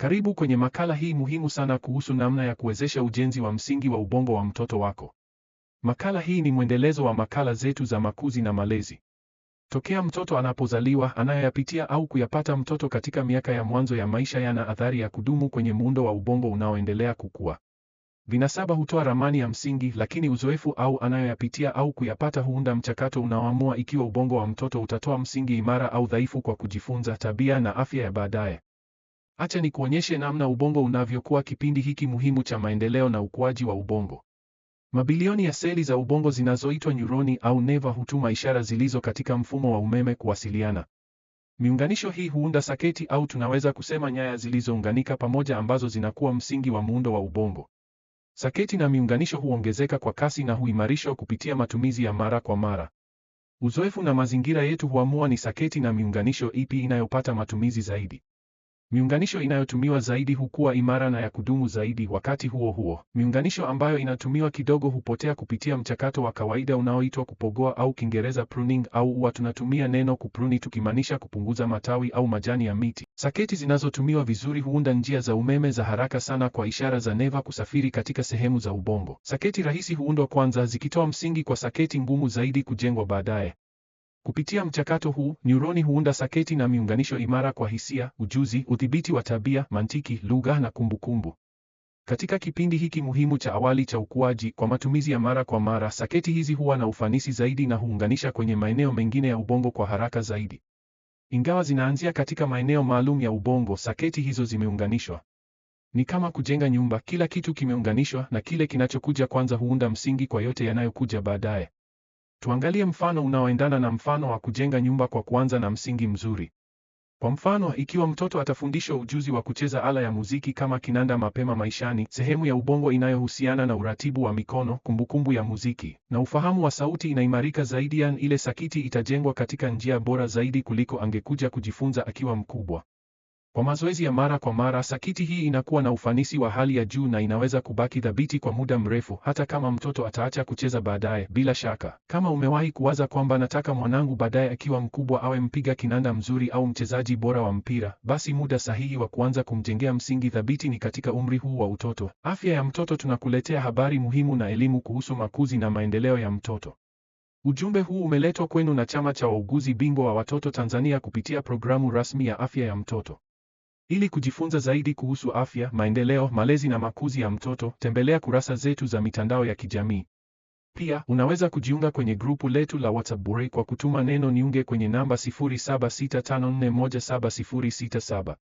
Karibu kwenye makala hii muhimu sana kuhusu namna ya kuwezesha ujenzi wa msingi wa ubongo wa mtoto wako. Makala hii ni mwendelezo wa makala zetu za makuzi na malezi. Tokea mtoto anapozaliwa, anayoyapitia au kuyapata mtoto katika miaka ya mwanzo ya maisha yana athari ya kudumu kwenye muundo wa ubongo unaoendelea kukua. Vinasaba hutoa ramani ya msingi, lakini uzoefu au anayoyapitia au kuyapata huunda mchakato unaoamua ikiwa ubongo wa mtoto utatoa msingi imara au dhaifu kwa kujifunza, tabia na afya ya baadaye. Acha nikuonyeshe namna ubongo unavyokuwa kipindi hiki muhimu cha maendeleo na ukuaji wa ubongo. Mabilioni ya seli za ubongo zinazoitwa nyuroni au neva hutuma ishara zilizo katika mfumo wa umeme kuwasiliana. Miunganisho hii huunda saketi au tunaweza kusema nyaya zilizounganika pamoja ambazo zinakuwa msingi wa muundo wa ubongo. Saketi na miunganisho huongezeka kwa kasi na huimarishwa kupitia matumizi ya mara kwa mara. Uzoefu na mazingira yetu huamua ni saketi na miunganisho ipi inayopata matumizi zaidi. Miunganisho inayotumiwa zaidi hukuwa imara na ya kudumu zaidi. Wakati huo huo, miunganisho ambayo inatumiwa kidogo hupotea kupitia mchakato wa kawaida unaoitwa kupogoa au Kiingereza pruning au huwa tunatumia neno kupruni tukimaanisha kupunguza matawi au majani ya miti. Saketi zinazotumiwa vizuri huunda njia za umeme za haraka sana kwa ishara za neva kusafiri katika sehemu za ubongo. Saketi rahisi huundwa kwanza zikitoa msingi kwa saketi ngumu zaidi kujengwa baadaye. Kupitia mchakato huu, neuroni huunda saketi na miunganisho imara kwa hisia, ujuzi, udhibiti wa tabia, mantiki, lugha na kumbukumbu. Katika kipindi hiki muhimu cha awali cha ukuaji, kwa matumizi ya mara kwa mara, saketi hizi huwa na ufanisi zaidi na huunganisha kwenye maeneo mengine ya ubongo kwa haraka zaidi. Ingawa zinaanzia katika maeneo maalum ya ubongo, saketi hizo zimeunganishwa. Ni kama kujenga nyumba, kila kitu kimeunganishwa na kile kinachokuja kwanza huunda msingi kwa yote yanayokuja baadaye. Tuangalie mfano unaoendana na mfano wa kujenga nyumba kwa kuanza na msingi mzuri. Kwa mfano, ikiwa mtoto atafundishwa ujuzi wa kucheza ala ya muziki kama kinanda mapema maishani, sehemu ya ubongo inayohusiana na uratibu wa mikono, kumbukumbu ya muziki na ufahamu wa sauti inaimarika zaidi, yaani ile sakiti itajengwa katika njia bora zaidi kuliko angekuja kujifunza akiwa mkubwa. Kwa mazoezi ya mara kwa mara, sakiti hii inakuwa na ufanisi wa hali ya juu na inaweza kubaki thabiti kwa muda mrefu hata kama mtoto ataacha kucheza baadaye. Bila shaka, kama umewahi kuwaza kwamba nataka mwanangu baadaye akiwa mkubwa awe mpiga kinanda mzuri au mchezaji bora wa mpira, basi muda sahihi wa kuanza kumjengea msingi thabiti ni katika umri huu wa utoto. Afya ya mtoto tunakuletea habari muhimu na elimu kuhusu makuzi na maendeleo ya mtoto. Ujumbe huu umeletwa kwenu na Chama cha Wauguzi Bingwa wa Watoto Tanzania kupitia programu rasmi ya afya ya mtoto. Ili kujifunza zaidi kuhusu afya, maendeleo, malezi na makuzi ya mtoto, tembelea kurasa zetu za mitandao ya kijamii. Pia, unaweza kujiunga kwenye grupu letu la WhatsApp bure kwa kutuma neno niunge kwenye namba 0765417067.